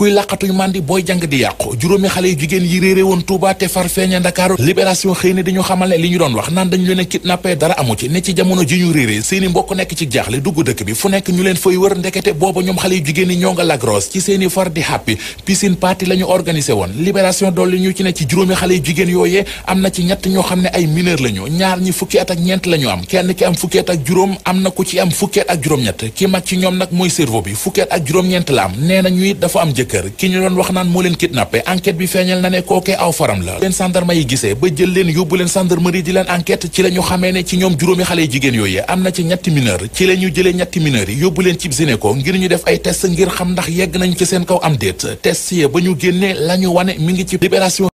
kuy làqatuy mandi booy jàng di yàqu juróomi xale yu jigéen yi réere woon Touba te far feeña Dakar libération xëy na dañu xamal ne li ñu doon wax naan dañu leen a kidnappé dara amu ci ne ci jamono ji ñu réere seeni mbokk nekk ci jaaxle dugg dëkk bi fu nekk ñu leen fay wër ndekete booba ñoom xale yu jigéen ñi ñoo nga lagros ci seeni far di happy piscine party la ñu organisé woon libération dolli ñu ci ne ci juróomi xale yu jigéen yooyee am na ci ñett ne ay ñaar ñi fukki ak ñeent la ñu am kenn ki am fukki at ak juróom am ñett ki mag ci ñoom nag mooy cerveau bi la am am kër ki ñu doon wax naan moo leen kidnappé enquête bi feeñal na ne kookee aw faram la leen gendarme yi gisee ba jël leen yóbbu leen gendarmerie di leen enquête ci la ñu ne ci ñoom juróomi xale jigéen yooyu am na ci ñetti mineur ci la ñu ñetti mineurs yi yóbbu leen cib gynéco ngir ñu def ay test ngir xam ndax yegg nañ ci seen kaw am déet test yi ba ñu génnee la wane mi ngi ci libération